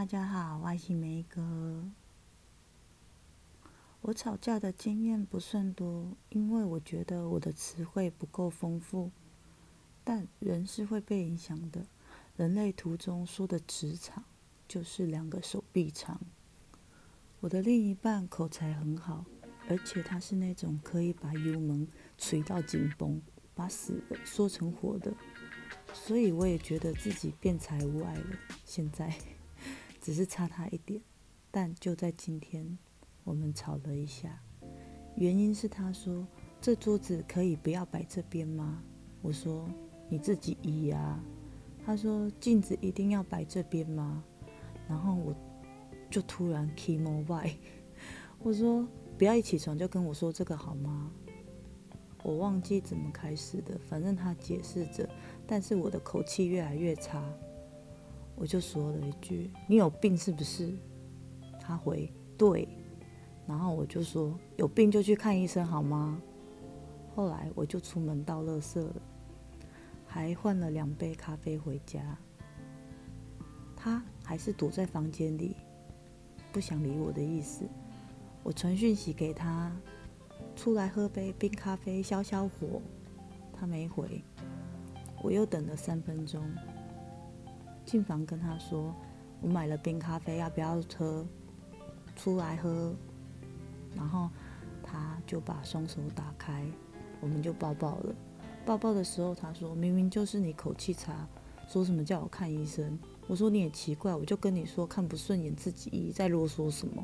大家好，我是梅哥。我吵架的經驗不算多，因為我覺得我的詞彙不夠豐富。但人是會被影響的。人類圖中說的“磁場”就是兩個手臂長。我的另一半口才很好，而且他是那種可以把油門捶到緊繃，把死的說成活的。所以我也覺得自己辯才無礙了。現在。只是差他一點，但就在今天，我們吵了一下。原因是他說：“這桌子可以不要擺這邊嗎？”我說：“你自己移呀、啊。”他說：“鏡子一定要擺這邊嗎？”然後我就突然起毛歹。我說：“不要一起床就跟我說這個好嗎？”我忘記怎麼開始的，反正他解釋着，但是我的口氣越來越差。我就說了一句：“你有病是不是？”他回：“對。”然後我就說：“有病就去看醫生好嗎？”後來我就出門倒垃圾了，還換了兩杯咖啡回家。他還是躲在房間裡，不想理我的意思。我傳訊息給他：“出來喝杯冰咖啡消消火。”他沒回。我又等了三分鐘。進房跟他說：“我買了冰咖啡，啊，要不要喝？出來喝。”然後他就把雙手打開，我們就抱抱了。抱抱的時候，他說明明就是你口氣差，說什麼叫我看醫生？我說你也奇怪，我就跟你說看不順眼，自己在囉嗦什麼。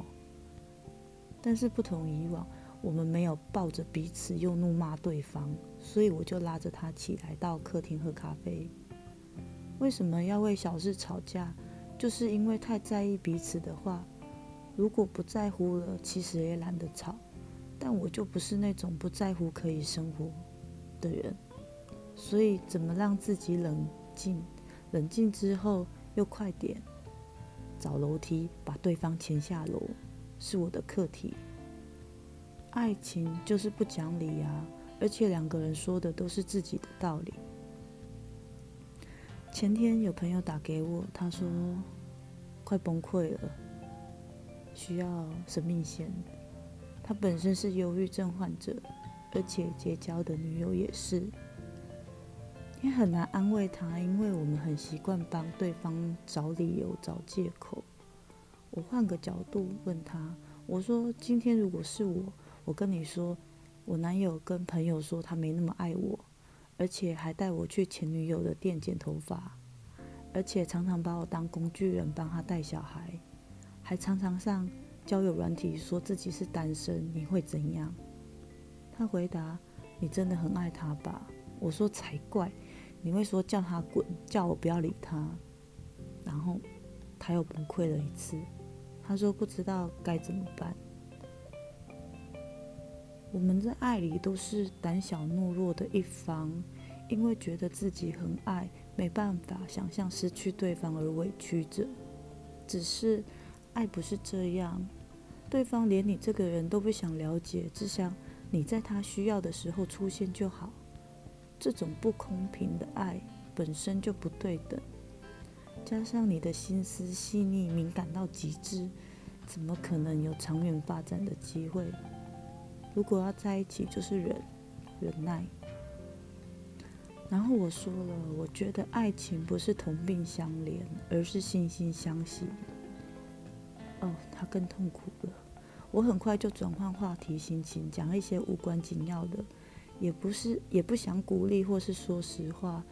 但是不同以往，我們沒有抱着彼此又怒罵對方，所以我就拉着他起來到客廳喝咖啡。為什麼要為小事吵架？就是因為太在意彼此的話。如果不在乎了，其實也懶得吵。但我就不是那種不在乎可以生活的人。所以，怎麼讓自己冷靜？冷靜之後又快點找樓梯把對方牽下樓，是我的課題。愛情就是不講理呀、啊，而且兩個人說的都是自己的道理。前天有朋友打給我，他說快崩潰了，需要生命線。他本身是憂鬱症患者，而且結交的女友也是，也很難安慰他，因為我們很習慣幫對方找理由、找借口。我換個角度問他，我說：今天如果是我，我跟你說，我男友跟朋友說他沒那麼愛我。而且還帶我去前女友的店剪頭髮，而且常常把我當工具人，幫他帶小孩，還常常上交友軟體說自己是單身，你會怎樣？他回答：你真的很愛他吧？我說才怪，你會說叫他滾，叫我不要理他。然後他又崩潰了一次，他說不知道該怎麼辦。我們在愛裡都是膽小懦弱的一方，因為覺得自己很愛，沒辦法想象失去對方而委屈着。只是愛不是這樣，對方連你這個人都不想了解，只想你在他需要的時候出現就好。這種不公平的愛本身就不對等，加上你的心思細膩、敏感到極致，怎麼可能有長遠發展的機會？如果要在一起，就是忍忍耐。然後我說了，我覺得愛情不是同病相憐，而是惺惺相惜。哦，他更痛苦了。我很快就轉換話題、心情，講一些無關緊要的，也不是也不想鼓勵或是說實話。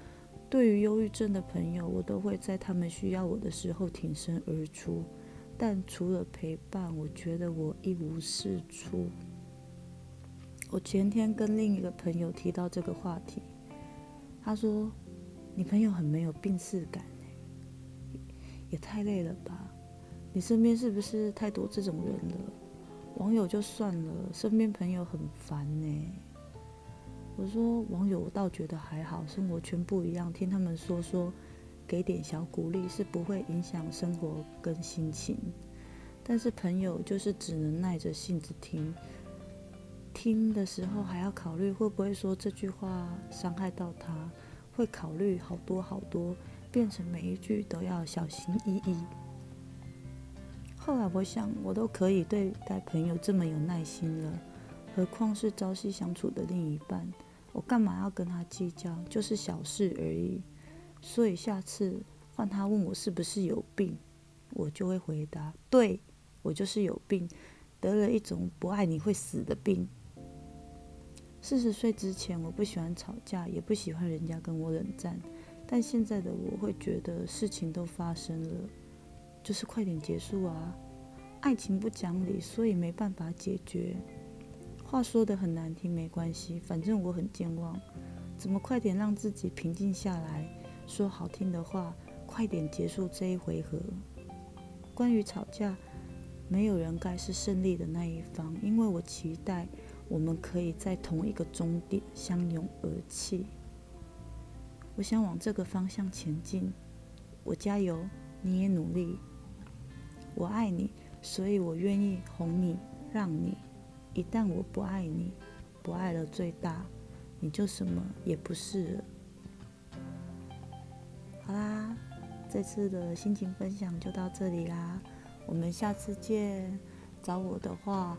對於憂鬱症的朋友，我都會在他們需要我的時候挺身而出。但除了陪伴，我覺得我一無是處。我前天跟另一個朋友提到這個話題，他說：“你朋友很沒有病識感、欸，也太累了吧？你身邊是不是太多這種人了？網友就算了，身邊朋友很煩呢。”我說：“網友我倒覺得還好，生活圈不一樣，聽他們說說，給點小鼓勵是不會影響生活跟心情。但是朋友就是只能耐着性子聽。”聽的時候還要考慮會不會說這句話傷害到他，會考慮好多好多，變成每一句都要小心翼翼。後來我想，我都可以對待朋友這麼有耐心了，何況是朝夕相處的另一半？我幹嘛要跟他計較？就是小事而已。所以下次換他問我是不是有病，我就會回答：對，我就是有病，得了一種不愛你會死的病。四十歲之前，我不喜歡吵架，也不喜歡人家跟我冷戰。但現在的我會覺得事情都發生了，就是快點結束啊！愛情不講理，所以沒辦法解決。話說得很難聽，沒關係，反正我很健忘。怎麼快點讓自己平靜下來，說好聽的話，快點結束這一回合。關於吵架，沒有人該是勝利的那一方，因為我期待。我們可以在同一個終點相擁而泣。我想往這個方向前進，我加油，你也努力。我愛你，所以我願意哄你，讓你。一旦我不愛你，不愛了最大，你就什麼也不是了。好啦，這次的心情分享就到這裡啦，我們下次見。找我的話。